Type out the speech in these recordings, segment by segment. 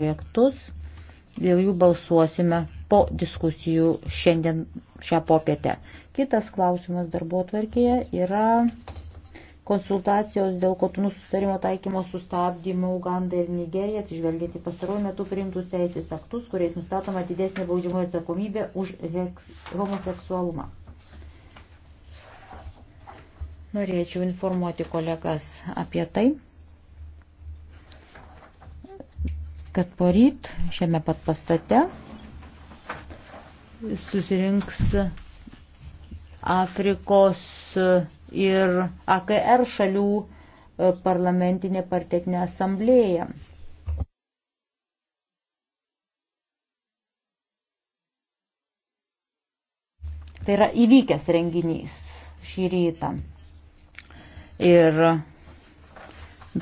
projektus, dėl jų balsuosime po diskusijų šiandien šią popietę. Kitas klausimas darbo tvarkėje yra konsultacijos dėl kotinų sustarimo taikymo sustabdymo Uganda ir Nigerija, atsižvelgiant į pastaruoju metu priimtus teisės aktus, kuriais nustatoma didesnė baudžiamoji atsakomybė už homoseksualumą. Norėčiau informuoti kolegas apie tai. kad poryt šiame pat pastate susirinks Afrikos ir AKR šalių e, parlamentinė partetinė asamblėja. Tai yra įvykęs renginys šį rytą. Ir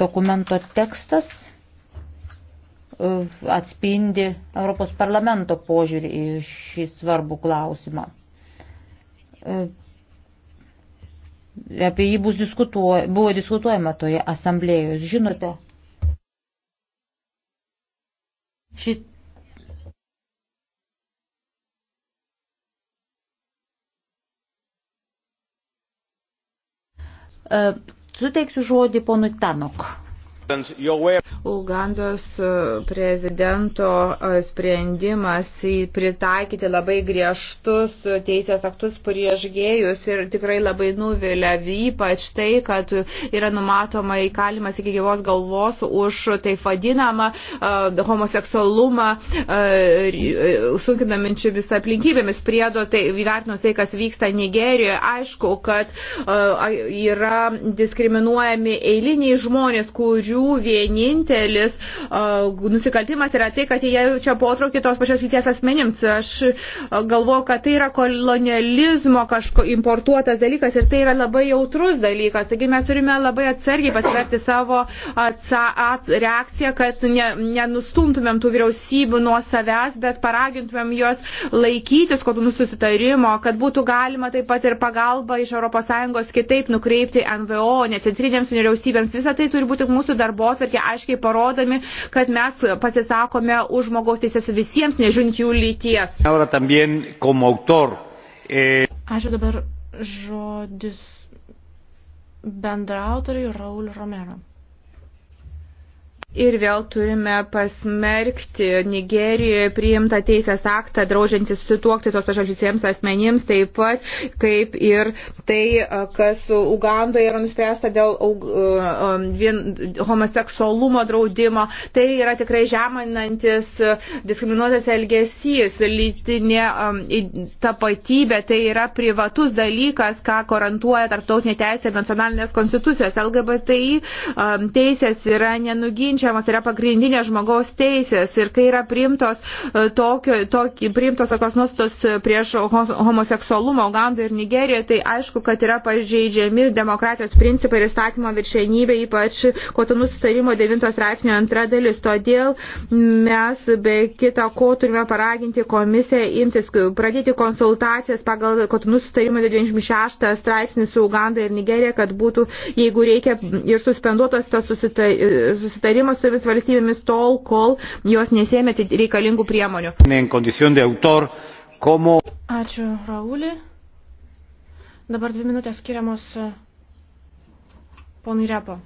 dokumento tekstas E, atspindi Europos parlamento požiūrį į šį svarbų klausimą. E, apie jį bus diskutuoj, buvo diskutuojama toje asamblėjoje, žinote. Ši... E, suteiksiu žodį ponui Tanok. Ugandos e, prezidento e, sprendimas pritaikyti labai griežtus teisės aktus prieš gėjus ir tikrai labai nuvilia, ypač tai, kad yra numatoma įkalimas iki gyvos galvos už taip vadinamą uh, homoseksualumą, uh, sunkinaminčių visą aplinkybėmis priedo, tai įvertinus tai, kas vyksta Nigerijoje, aišku, kad uh, yra diskriminuojami eiliniai žmonės, kurių pradžių vienintelis uh, nusikaltimas yra tai, kad jie jaučia potraukį tos pačios lyties asmenims. Aš galvoju, kad tai yra kolonializmo kažko importuotas dalykas ir tai yra labai jautrus dalykas. Taigi mes turime labai atsargiai pasverti savo atsa, at, reakciją, kad ne, nenustumtumėm tų vyriausybių nuo savęs, bet paragintumėm juos laikytis kokių nusitarimo, kad būtų galima taip pat ir pagalba iš ES kitaip nukreipti NVO, necentrinėms vyriausybėms. Visą tai turi būti mūsų darbo atverkę, aiškiai parodami, kad mes pasisakome už žmogaus teisės visiems, nežiūrint jų lyties. Eh, Ačiū dabar žodis bendraautoriui Raul Romero. Ir vėl turime pasmerkti Nigerijoje priimtą teisės aktą, draudžiantį susituokti tos pažadžiusiems asmenims, taip pat kaip ir tai, kas Ugandoje yra nuspręsta dėl homoseksualumo draudimo. Tai yra tikrai žeminantis diskriminuotas elgesys, lytinė tapatybė, tai yra privatus dalykas, ką garantuoja tarptautinė teisė ir nacionalinės konstitucijos. LGBTI teisės yra nenuginčia pažeidžiamas yra pagrindinės žmogaus teisės ir kai yra priimtos, e, tokio, tokio, priimtos tokios nuostos prieš homoseksualumą Ugandą ir Nigeriją, tai aišku, kad yra pažeidžiami demokratijos principai ir įstatymo viršenybė, ypač kotonų sustarimo 9 straipsnio antra dalis. Todėl mes be kita ko turime paraginti komisiją imtis, pradėti konsultacijas pagal kotonų sustarimo 96 straipsnį su Uganda ir Nigerija, kad būtų, jeigu reikia, ir suspenduotas tas susitarimas naujausiamis valstybėmis tol, kol jos nesėmė reikalingų priemonių. Ačiū, Raulį. Dabar dvi minutės skiriamos e, ponui Repo.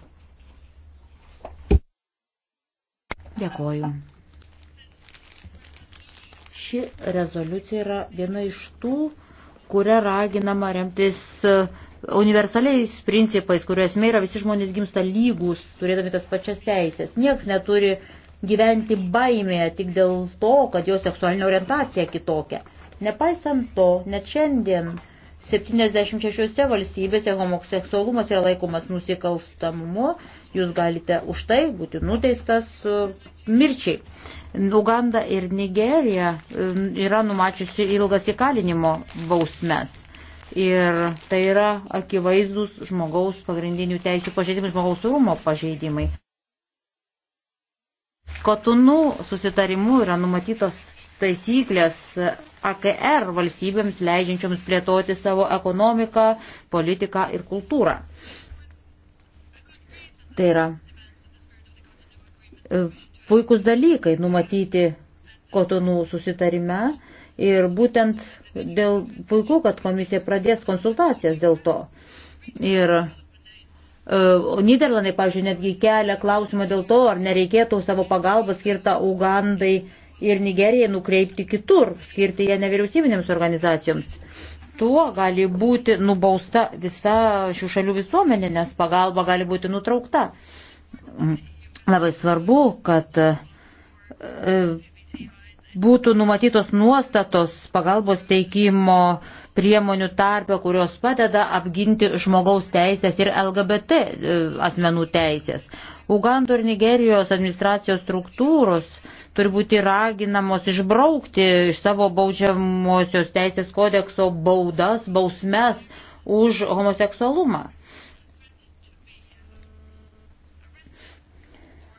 Dėkoju. Ši rezoliucija yra viena iš tų, kuria raginama remtis e, universaliais principais, kuriuos esmė yra visi žmonės gimsta lygus, turėdami tas pačias teisės. Niekas neturi gyventi baimėje tik dėl to, kad jo seksualinė orientacija kitokia. Nepaisant to, net šiandien 76 valstybėse homoseksualumas yra laikomas nusikalstamumu, jūs galite už tai būti nuteistas e, mirčiai. Uganda ir Nigerija e, yra numačiusi ilgas įkalinimo bausmes. Ir tai yra akivaizdus žmogaus pagrindinių teisų pažeidimai, žmogaus rūmo pažeidimai. Kotunų susitarimu yra numatytos taisyklės AKR valstybėms leidžiančioms plėtoti savo ekonomiką, politiką ir kultūrą. Tai yra e, puikus dalykai numatyti kotonų susitarime Ir būtent dėl puiku, kad komisija pradės konsultacijas dėl to. Ir O e, Niderlandai, pažiūrėjau, netgi kelia klausimą dėl to, ar nereikėtų savo pagalbą skirtą Ugandai ir Nigerijai nukreipti kitur, skirti ją nevyriausybinėms organizacijoms. Tuo gali būti nubausta visa šių šalių visuomenė, nes pagalba gali būti nutraukta. Labai svarbu, kad e, būtų numatytos nuostatos pagalbos teikimo priemonių tarpio, kurios padeda apginti žmogaus teisės ir LGBT e, asmenų teisės. Ugando ir Nigerijos administracijos struktūros turi būti raginamos išbraukti iš savo baudžiamosios teisės kodekso baudas, bausmes už homoseksualumą.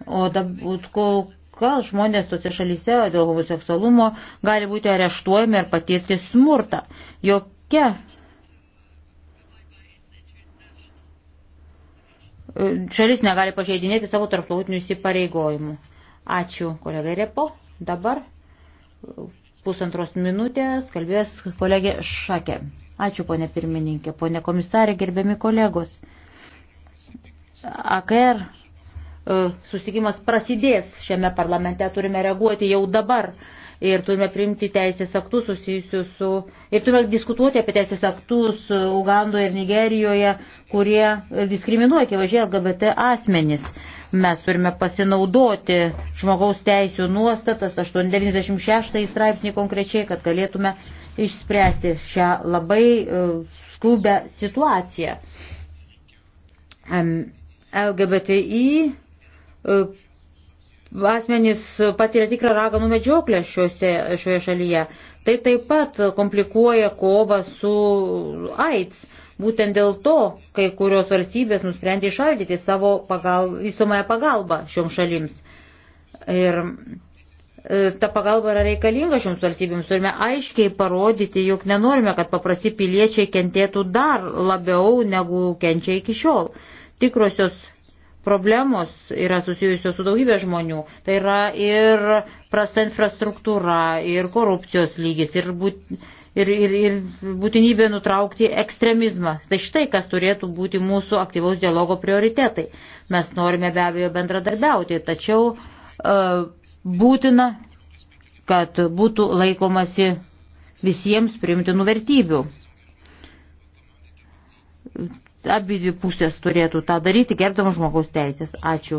O dabar kol kol žmonės tose šalyse dėl homoseksualumo gali būti areštuojami ir patirti smurtą. Jokia e, šalis negali pažeidinėti savo tarptautinių įsipareigojimų. Ačiū, kolega Repo. Dabar e, pusantros minutės kalbės kolegė Šakė. Ačiū, ponė pirmininkė, ponė komisarė, gerbiami kolegos. AKR E, susitikimas prasidės šiame parlamente, turime reaguoti jau dabar ir turime priimti teisės aktus susijusius su, ir turime diskutuoti apie teisės aktus Ugandoje ir Nigerijoje, kurie diskriminuoja akivaizdžiai LGBT asmenys. Mes turime pasinaudoti žmogaus teisų nuostatas 896 straipsnį konkrečiai, kad galėtume išspręsti šią labai e, skubę situaciją. LGBTI E, asmenys patiria tikrą raganų medžioklę šiuose, šioje šalyje. Tai taip pat komplikuoja kovą su AIDS. Būtent dėl to, kai kurios valstybės nusprendė išaldyti savo pagal, visomąją pagalbą šioms šalims. Ir e, ta pagalba yra reikalinga šioms valstybėms. Turime aiškiai parodyti, jog nenorime, kad paprasti piliečiai kentėtų dar labiau, negu kenčia iki šiol. Tikrosios problemos yra susijusios su daugybė žmonių. Tai yra ir prasta infrastruktūra, ir korupcijos lygis, ir, būt, ir, ir, ir būtinybė nutraukti ekstremizmą. Tai štai, kas turėtų būti mūsų aktyvaus dialogo prioritetai. Mes norime be abejo bendradarbiauti, tačiau e, būtina, kad būtų laikomasi visiems primtinų vertybių abi pusės turėtų tą daryti, gerbdama žmogaus teisės. Ačiū.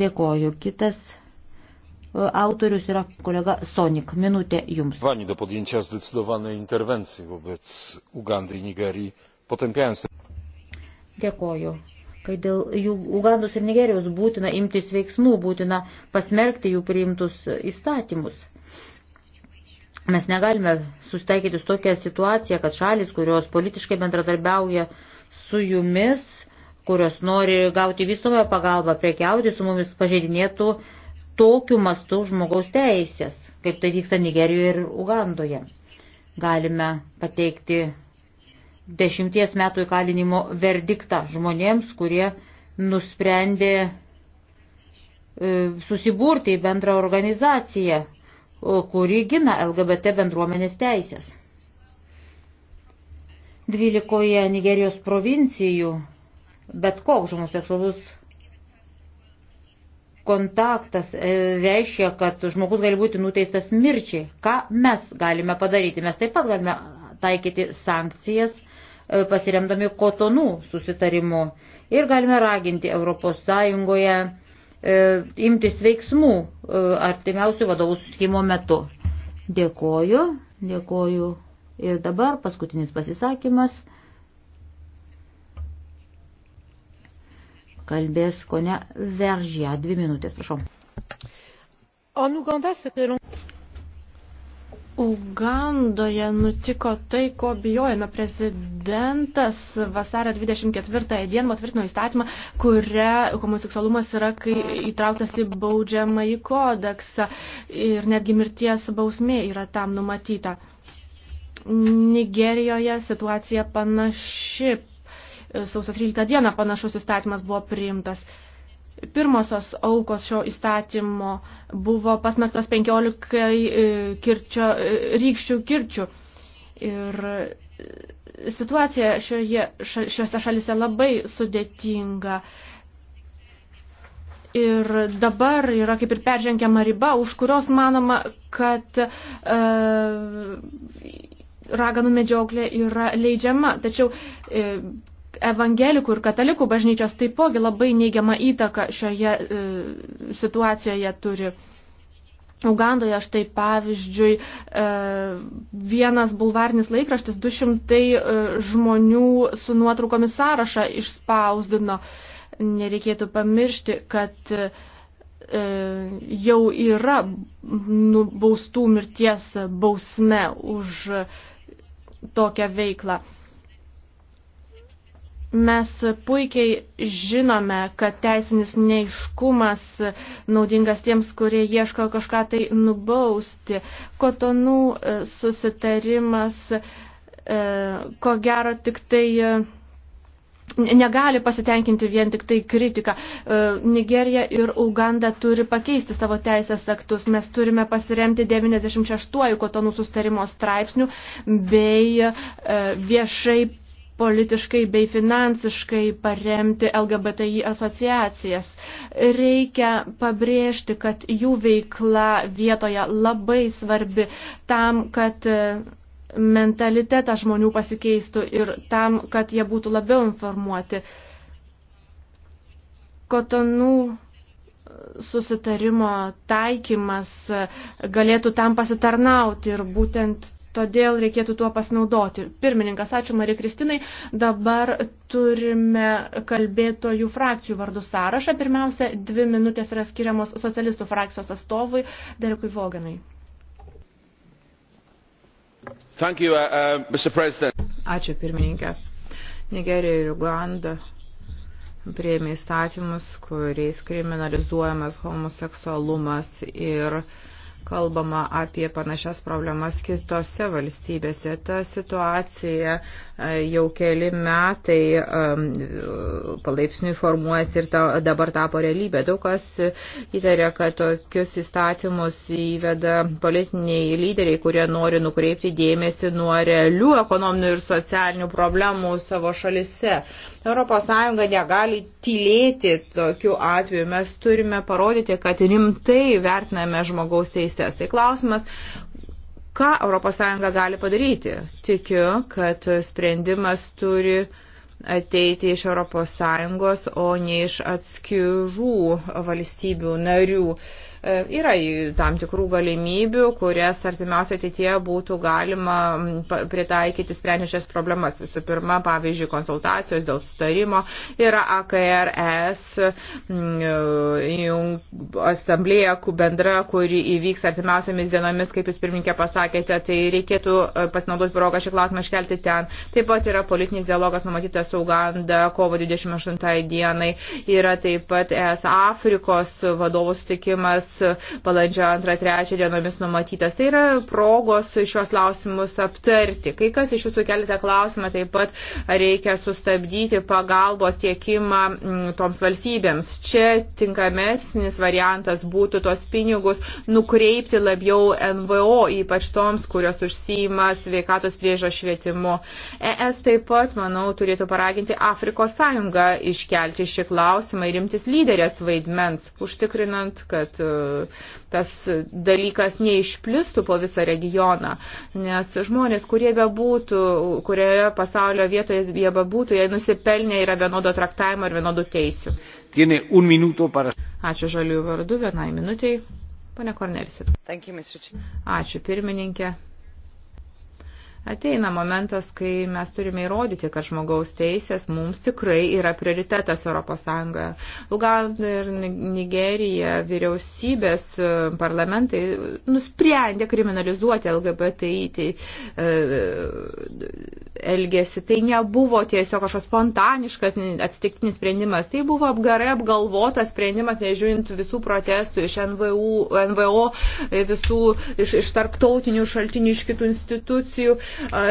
Dėkoju. Kitas e, autorius yra kolega Sonik. Minutė jums. Vani do podjęcia zdecydowanej interwencji wobec Ugandy i Nigerii, potępiając. Dėkoju. Kai dėl jų Ugandos ir Nigerijos būtina imtis veiksmų, būtina pasmerkti jų priimtus įstatymus. Mes negalime sustaikyti su tokia situacija, kad šalis, kurios politiškai bendradarbiauja, uh, su jumis, kurios nori gauti visuomenę pagalbą, prekiauti su mumis, pažeidinėtų tokiu mastu žmogaus teisės, kaip tai vyksta Nigerijoje ir Ugandoje. Galime pateikti dešimties metų įkalinimo verdiktą žmonėms, kurie nusprendė e, susiburti į bendrą organizaciją, kuri gina LGBT bendruomenės teisės. 12 Nigerijos provincijų bet koks homoseksualus kontaktas e, reiškia, kad žmogus gali būti nuteistas mirčiai. Ką mes galime padaryti? Mes taip pat galime taikyti sankcijas e, pasiremdami kotonų susitarimu ir galime raginti ES e, imtis veiksmų artimiausių vadovų susitikimo metu. Dėkoju, dėkoju Ir dabar paskutinis pasisakymas. Kalbės konia Veržė. Dvi minutės, prašau. En Uganda, ce que l'on... Ugandoje nutiko tai, ko bijojame. Prezidentas vasario 24 dieną patvirtino įstatymą, kuria homoseksualumas yra kai įtrauktas į baudžiamąjį kodeksą ir netgi mirties bausmė yra tam numatyta. Nigerijoje situacija panaši. Sausio 13 dieną panašus įstatymas buvo priimtas. Pirmosios aukos šio įstatymo buvo pasmerktos 15 e, kirčio, e, rykščių kirčių. Ir e, situacija šioje, šiuose šalise labai sudėtinga. Ir dabar yra kaip ir peržengiama riba, už kurios manoma, kad e, raganų medžioklė yra leidžiama. Tačiau e, evangelikų ir katalikų bažnyčios taipogi labai neigiama įtaka šioje e, situacijoje turi. Ugandoje štai pavyzdžiui e, vienas bulvarnis laikraštis 200 e, žmonių su nuotraukomis sąrašą išspausdino. Nereikėtų pamiršti, kad e, jau yra nubaustų mirties bausme už tokią veiklą. Mes puikiai žinome, kad teisinis neiškumas naudingas tiems, kurie ieško kažką tai nubausti. Kotonų e, susitarimas, e, ko gero, tik tai e, negali pasitenkinti vien tik tai kritika. E, Nigerija ir Uganda turi pakeisti savo teisės aktus. Mes turime pasiremti 96 kotonų sustarimo straipsnių bei e, viešai politiškai bei finansiškai paremti LGBTI asociacijas. Reikia pabrėžti, kad jų veikla vietoje labai svarbi tam, kad e, mentalitetas žmonių pasikeistų ir tam, kad jie būtų labiau informuoti. Kotonų susitarimo taikymas galėtų tam pasitarnauti ir būtent todėl reikėtų tuo pasinaudoti. Pirmininkas, ačiū Mari Kristinai. Dabar turime kalbėtojų frakcijų vardų sąrašą. Pirmiausia, dvi minutės yra skiriamos socialistų frakcijos atstovui Derekui Voganui. You, uh, uh Ačiū pirmininkė. Nigerija ir Uganda prieimė įstatymus, kuriais kriminalizuojamas homoseksualumas ir uh, kalbama apie panašias problemas kitose valstybėse. Ta situacija e, jau keli metai palaipsniui formuojasi ir ta, dabar tapo realybė. Daug kas įtarė, kad tokius įstatymus įveda politiniai lyderiai, kurie nori nukreipti dėmesį nuo realių ekonominių ir socialinių problemų savo šalise. ES negali tylėti tokiu atveju. Mes turime parodyti, kad rimtai vertiname žmogaus teises. Tai klausimas, ką ES gali padaryti. Tikiu, kad sprendimas turi ateiti iš ES, o ne iš atskirų valstybių narių. E, yra tam tikrų galimybių, kurias artimiausiai ateityje būtų galima pritaikyti sprendžiančias problemas. Visų pirma, pavyzdžiui, konsultacijos dėl sutarimo yra AKRS e asamblėja bendra, kuri įvyks artimiausiamis dienomis, kaip jūs pirmininkė pasakėte, tai reikėtų e, pasinaudoti progą šį klausimą iškelti ten. Taip pat yra politinis dialogas numatytas su Uganda kovo 28 dienai, yra taip pat ES Afrikos vadovų sutikimas balandžio 2-3 dienomis numatytas. Tai yra progos šios klausimus aptarti. Kai kas iš jūsų keletą klausimą taip pat reikia sustabdyti pagalbos tiekimą mm, toms valstybėms. Čia tinkamesnis variantas būtų tos pinigus nukreipti labiau NVO, ypač toms, kurios užsima sveikatos priežo švietimu. ES taip pat, manau, turėtų paraginti Afrikos sąjungą iškelti šį klausimą ir imtis lyderės vaidmens, užtikrinant, kad uh, tas dalykas neišplistų po visą regioną, nes žmonės, kurie bebūtų, kurioje pasaulio vietoje jie bebūtų, jie nusipelnė yra vienodo traktavimo ir vienodų teisių. Para... Ačiū žaliųjų vardu, vienai minutiai. Pane Kornelisi. Ačiū pirmininkė. Ateina momentas, kai mes turime įrodyti, kad žmogaus teisės mums tikrai yra prioritetas ES. Uganda ir Nigerija vyriausybės e, parlamentai nusprendė kriminalizuoti LGBTI tai, e, elgėsi. Tai nebuvo tiesiog kažkoks spontaniškas atsitiktinis sprendimas, tai buvo gerai apgalvotas sprendimas, nežiūrint visų protestų iš NVU, NVO, visų iš, iš tarptautinių šaltinių, iš kitų institucijų.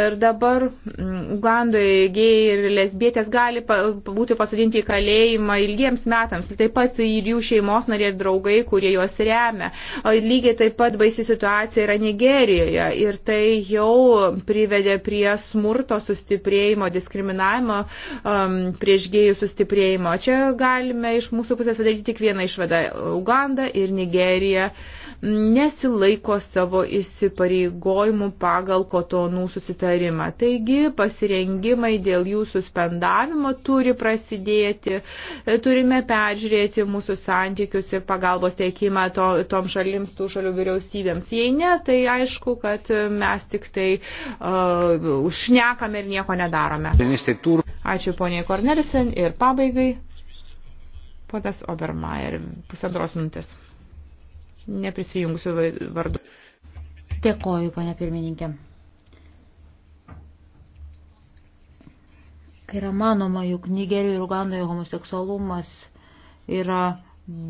Ir dabar mm, Ugandoje gėjai ir lesbietės gali būti pasodinti į kalėjimą ilgiems metams, taip pat ir jų šeimos nariai ir draugai, kurie juos remia. Lygiai taip pat baisi situacija yra Nigerijoje ir tai jau privedė prie smurto sustiprėjimo, diskriminavimo um, prieš gėjų sustiprėjimo. Čia galime iš mūsų pusės padaryti tik vieną išvadą. Uganda ir Nigerija nesilaiko savo įsipareigojimų pagal kotonų susitarimą. Taigi pasirengimai dėl jų suspendavimo turi prasidėti. Turime peržiūrėti mūsų santykius ir pagalbos teikimą to, tom šalims, tų šalių vyriausybėms. Jei ne, tai aišku, kad mes tik tai uh, užšnekame kalbame ir nieko nedarome. Ačiū poniai Kornelisen ir pabaigai. Ponas Obermeier, pusantros minutės. Neprisijungsiu vardu. Dėkoju, ponia pirmininkė. Kai yra manoma, juk Nigerijoje ir Ugandoje homoseksualumas yra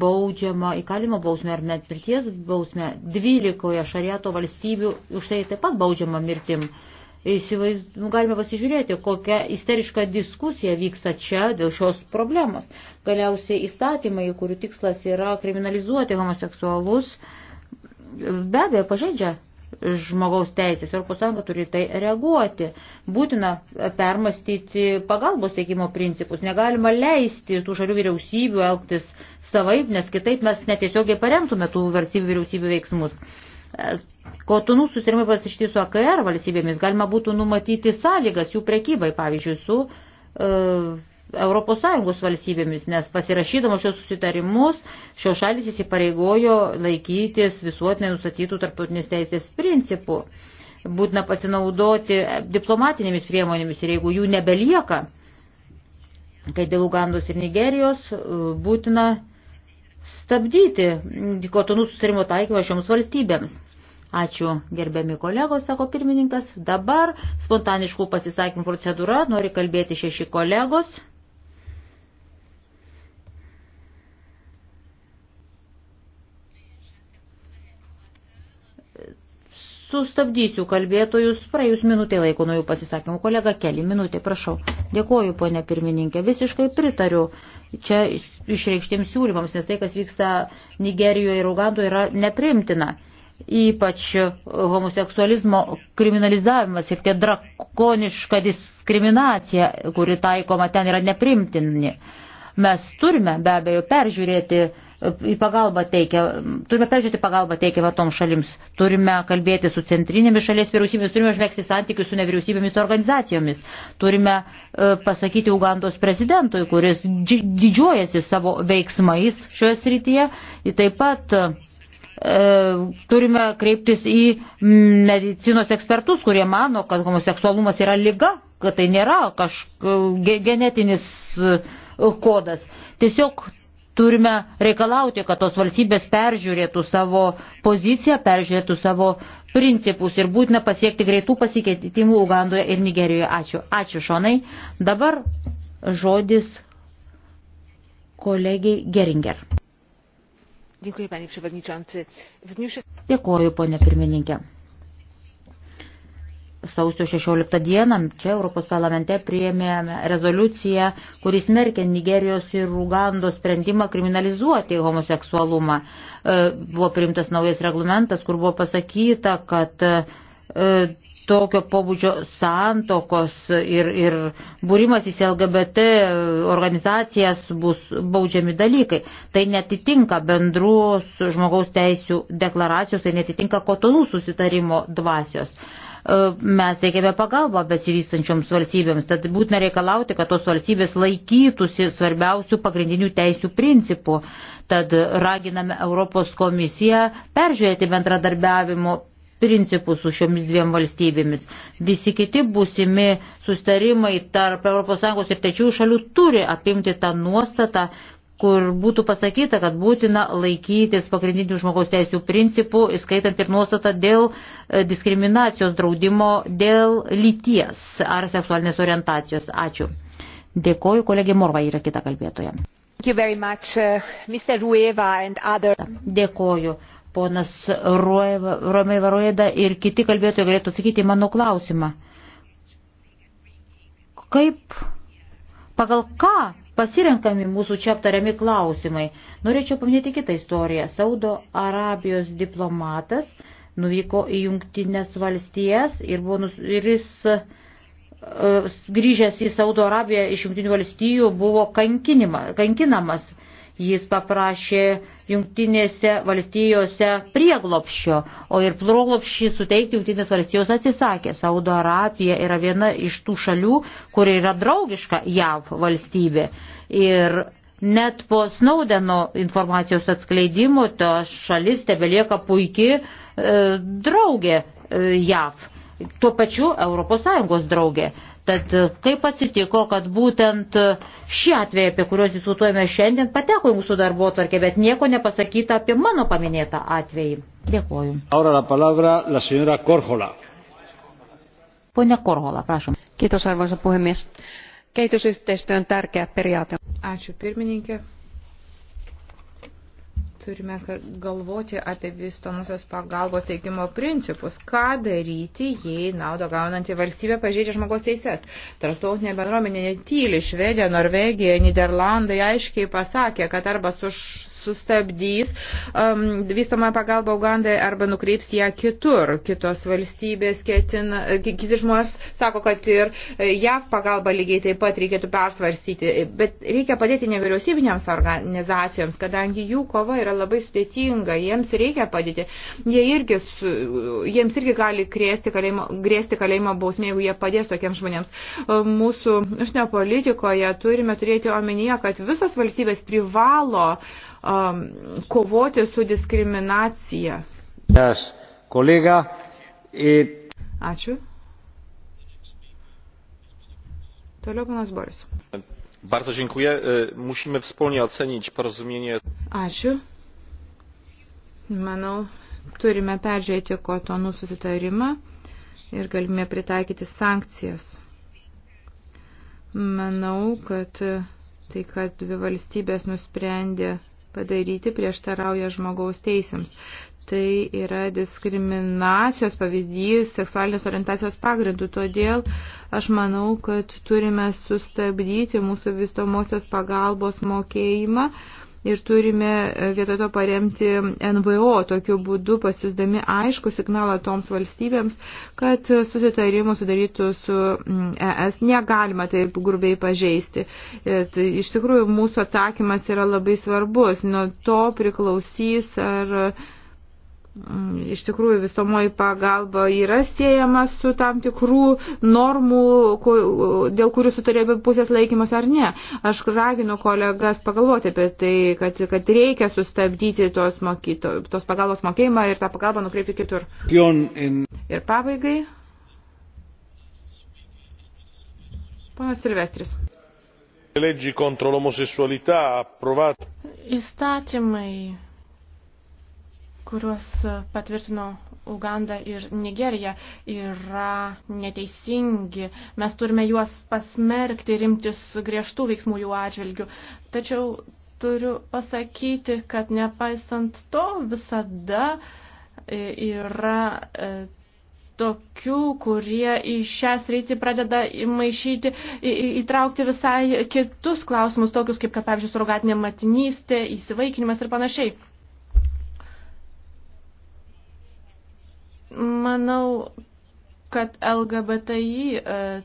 baudžiama įkalimo bausmė ar net mirties bausmė. 12 šarieto valstybių už tai taip pat baudžiama mirtim. Įsivaiz... Nu, galime pasižiūrėti, kokia isteriška diskusija vyksta čia dėl šios problemos. Galiausiai įstatymai, kurių tikslas yra kriminalizuoti homoseksualus, be abejo pažeidžia žmogaus teisės. Europos Sąjunga turi tai reaguoti. Būtina permastyti pagalbos teikimo principus. Negalima leisti tų šalių vyriausybių elgtis savaip, nes kitaip mes netiesiogiai paremtume tų valstybių vyriausybių veiksmus. Kotonų nu, susirimai pasišti su AKR valstybėmis galima būtų numatyti sąlygas jų prekybai, pavyzdžiui, su e, ES valstybėmis, nes pasirašydamos šios susitarimus šios šalis įsipareigojo laikytis visuotinai nustatytų tarptautinės teisės principų. Būtina pasinaudoti diplomatinėmis priemonėmis ir jeigu jų nebelieka, kai dėl Ugandos ir Nigerijos e, būtina stabdyti kotonų susirimo taikymą šioms valstybėms. Ačiū, gerbiami kolegos, sako pirmininkas. Dabar spontaniškų pasisakymų procedūra. Nori kalbėti šeši kolegos. sustabdysiu kalbėtojus, praėjus minutė laiko nuo jų pasisakymų. Kolega Keli, minutė, prašau. Dėkoju, ponė pirmininkė, visiškai pritariu čia išreikštiems siūlymams, nes tai, kas vyksta Nigerijoje ir Ugandoje, yra neprimtina ypač homoseksualizmo kriminalizavimas ir tie drakoniška diskriminacija, kuri taikoma ten yra neprimtini. Mes turime be abejo peržiūrėti į pagalbą teikia, turime peržiūrėti pagalbą teikiamą toms šalims, turime kalbėti su centrinėmis šalies vyriausybėmis, turime žvegsti santykius su nevyriausybėmis organizacijomis, turime e, pasakyti Ugandos prezidentui, kuris didžiuojasi savo veiksmais šioje srityje, taip pat E, turime kreiptis į medicinos ekspertus, kurie mano, kad homoseksualumas yra lyga, kad tai nėra kažkoks genetinis e, kodas. Tiesiog turime reikalauti, kad tos valstybės peržiūrėtų savo poziciją, peržiūrėtų savo principus ir būtina pasiekti greitų pasikeitimų Ugandoje ir Nigerijoje. Ačiū. Ačiū, Šonai. Dabar žodis kolegiai Geringer. Dėkuoju, ponė pirmininkė. Sausio 16 dieną čia Europos parlamente priėmėme rezoliuciją, kuris merkė Nigerijos ir Ugandos sprendimą kriminalizuoti homoseksualumą. E, buvo priimtas naujas reglamentas, kur buvo pasakyta, kad e, tokio pobūdžio santokos ir, ir būrimas į LGBT organizacijas bus baudžiami dalykai. Tai netitinka bendros žmogaus teisų deklaracijos, tai netitinka kotonų susitarimo dvasios. E, mes teikiame pagalbą besivystančioms valstybėms, tad būtina reikalauti, kad tos valstybės laikytųsi svarbiausių pagrindinių teisų principų. Tad raginame Europos komisiją peržiūrėti bendradarbiavimo principų su šiomis dviem valstybėmis. Visi kiti būsimi sustarimai tarp ES ir trečiųjų šalių turi apimti tą nuostatą, kur būtų pasakyta, kad būtina laikytis pagrindinių žmogaus teisų principų, įskaitant ir nuostatą dėl e, diskriminacijos draudimo dėl lyties ar seksualinės orientacijos. Ačiū. Dėkoju, kolegė Morva yra kita kalbėtoja. Much, uh, Dėkoju ponas Romai Varoida ir kiti kalbėtojai galėtų atsakyti į mano klausimą. Kaip, pagal ką pasirenkami mūsų čia aptariami klausimai? Norėčiau paminėti kitą istoriją. Saudo Arabijos diplomatas nuvyko į Jungtinės valstijas ir, buvo, ir jis e, grįžęs į Saudo Arabiją iš Junktinių valstijų buvo kankinimas, kankinamas Jis paprašė jungtinėse valstijose prieglopščio, o ir prieglopšį suteikti jungtinės valstijos atsisakė. Saudo Arabija yra viena iš tų šalių, kuri yra draugiška JAV valstybė. Ir net po Snaudeno informacijos atskleidimo ta šalis tebelieka puikiai e, draugė e, JAV tuo pačiu ES draugė. Tad e, kaip atsitiko, kad būtent e, šie atvejai, apie kuriuos diskutuojame šiandien, pateko į mūsų darbo tvarkę, bet nieko nepasakyta apie mano paminėtą atvejį. Dėkuoju. La palabra, la Korhola. Pone Korhola, prašom. Kiitos arvoisa puhemies. Kehitysyhteistyö on tärkeä periaate. Ačiū pirmininkė turime galvoti apie vystomusios pagalbos teikimo principus. Ką daryti, jei naudą gaunanti valstybė pažeidžia žmogaus teises? Tarptautinė bendruomenė netyli, Švedija, Norvegija, Niderlandai aiškiai pasakė, kad arba suš sustabdys um, visomą pagalbą Ugandai arba nukreips ją kitur. Kitos valstybės ketina, kiti žmonės sako, kad ir e, JAV pagalba lygiai taip pat reikėtų persvarstyti. Bet reikia padėti nevyriausybinėms organizacijoms, kadangi jų kova yra labai sudėtinga, jiems reikia padėti. Jie irgi su, jiems irgi gali grėsti kalėjimo, grėsti kalėjimo bausmė, jeigu jie padės tokiems žmonėms. E, mūsų užsienio politikoje turime turėti omenyje, kad visos valstybės privalo uh, um, kovoti su diskriminacija. Yes, kolega, it... Ačiū. Toliau panas Boris. Bardzo dziękuję. E, musimy wspólnie ocenić porozumienie. Ačiū. Manau, turime peržiūrėti kotonų susitarimą ir galime pritaikyti sankcijas. Manau, kad tai, kad dvi valstybės nusprendė padaryti prieštarauja žmogaus teisėms. Tai yra diskriminacijos pavyzdys seksualinės orientacijos pagrindų. Todėl aš manau, kad turime sustabdyti mūsų vystomosios pagalbos mokėjimą ir turime e, vietoj to paremti NVO, tokiu būdu pasiūsdami aišku signalą toms valstybėms, kad susitarimų sudarytų su mm, ES negalima taip grubiai pažeisti. E, tai iš tikrųjų, mūsų atsakymas yra labai svarbus. Nuo to priklausys, ar Mm, iš tikrųjų visomoji pagalba yra siejama su tam tikrų normų, dėl kurių sutarė abi pusės laikymas ar ne. Aš raginu kolegas pagalvoti apie tai, kad, kad reikia sustabdyti tos, mokyto, tos pagalbos mokėjimą ir tą pagalbą nukreipti kitur. Ir pabaigai. Ponas Silvestris leggi contro l'omosessualità approvate. Įstatymai kuriuos patvirtino Uganda ir Nigerija, yra neteisingi. Mes turime juos pasmerkti ir imtis griežtų veiksmų jų atžvilgių. Tačiau turiu pasakyti, kad nepaisant to visada e, yra e, tokių, kurie į šią sritį pradeda maišyti, įtraukti visai kitus klausimus, tokius kaip, kad, pavyzdžiui, surogatinė matinystė, įsivaikinimas ir panašiai. Manau, kad LGBTI e,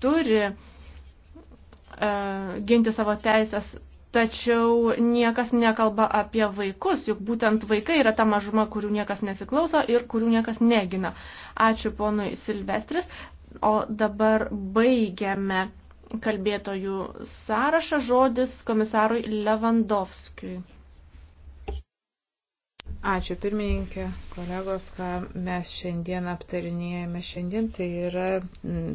turi e, ginti savo teisės, tačiau niekas nekalba apie vaikus, juk būtent vaikai yra ta mažuma, kurių niekas nesiklauso ir kurių niekas negina. Ačiū ponui Silvestris, o dabar baigiame kalbėtojų sąrašą žodis komisarui Levandovskijui. Ačiū pirmininkė, kolegos, ką mes šiandien aptarinėjame šiandien, tai yra mm,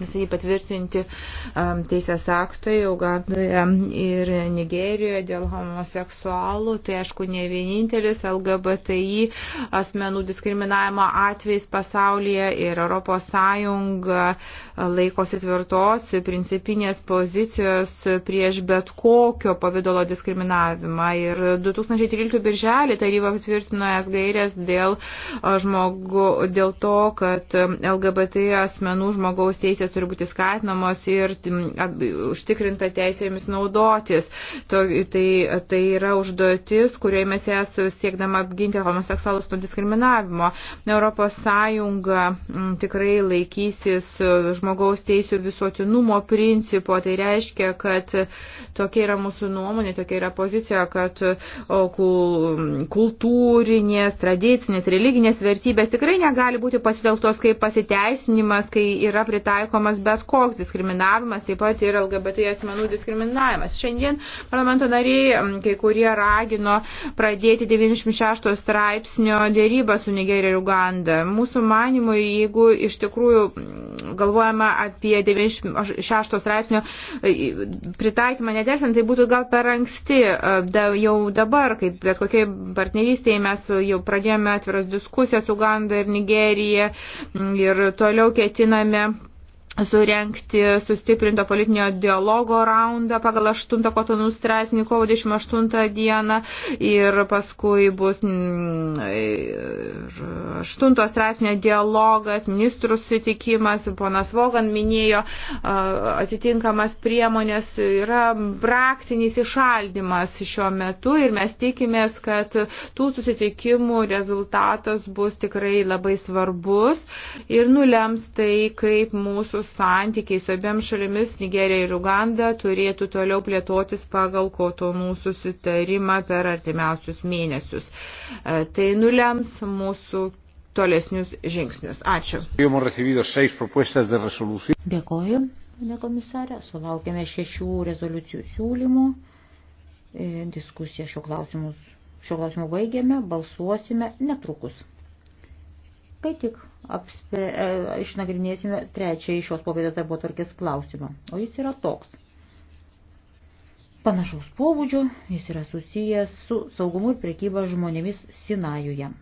neseniai patvirtinti um, teisės aktai Ugandoje ir Nigerijoje dėl homoseksualų. Tai aišku, ne vienintelis LGBTI asmenų diskriminavimo atvejs pasaulyje ir ES laikosi tvirtos principinės pozicijos prieš bet kokio pavydalo diskriminavimą. Ir 2013 birželį kai taryba patvirtino es gairės dėl, žmogu, dėl to, kad LGBT asmenų žmogaus teisės turi būti skatinamos ir užtikrinta teisėmis naudotis. To, tai, tai yra užduotis, kurioje mes es siekdama apginti homoseksualus nuo diskriminavimo. Europos Sąjunga tikrai laikysis žmogaus teisų visuotinumo principo. Tai reiškia, kad tokia yra mūsų nuomonė, tokia yra pozicija, kad kultūrinės, tradicinės, religinės vertybės tikrai negali būti pasitelktos kaip pasiteisinimas, kai yra pritaikomas bet koks diskriminavimas, taip pat ir LGBT asmenų diskriminavimas. Šiandien parlamento nariai kai kurie ragino pradėti 96 straipsnio dėrybą su Nigerija ir Uganda. Mūsų manimui, jeigu iš tikrųjų galvojama apie 96 straipsnio e, pritaikymą nedelsiant, tai būtų gal per anksti e, da, jau dabar, kaip bet kokiai partnerystėje mes jau pradėjome atviras diskusijas su Uganda ir Nigerija ir toliau ketiname surenkti sustiprinto politinio dialogo raundą pagal 8 kotonų straipsnį kovo 28 dieną ir paskui bus 8 mm, straipsnio dialogas, ministrų sutikimas, ponas Vogan minėjo atitinkamas priemonės, yra praktinis išaldimas šiuo metu ir mes tikimės, kad tų susitikimų rezultatas bus tikrai labai svarbus ir nulems tai, kaip mūsų santykiai su abiem šalimis Nigerija ir Uganda turėtų toliau plėtotis pagal kotonų susitarimą per artimiausius mėnesius. E, tai nulems mūsų tolesnius žingsnius. Ačiū. Dėkoju, nekomisarė. Sulaukėme šešių rezoliucijų siūlymų. E, diskusiją šio klausimu, šio klausimu baigėme, balsuosime netrukus. Kai tik apspre, e, išnagrinėsime trečiąjį šios popietės darbo tvarkės klausimą. O jis yra toks. Panašaus pobūdžio jis yra susijęs su saugumu ir prekyba žmonėmis Sinajuje.